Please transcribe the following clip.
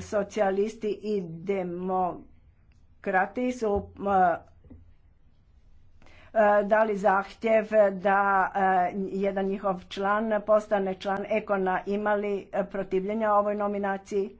socijalisti i demokrati su uh, uh, dali zahtjev da uh, jedan njihov član postane član Ekona imali protivljenja ovoj nominaciji?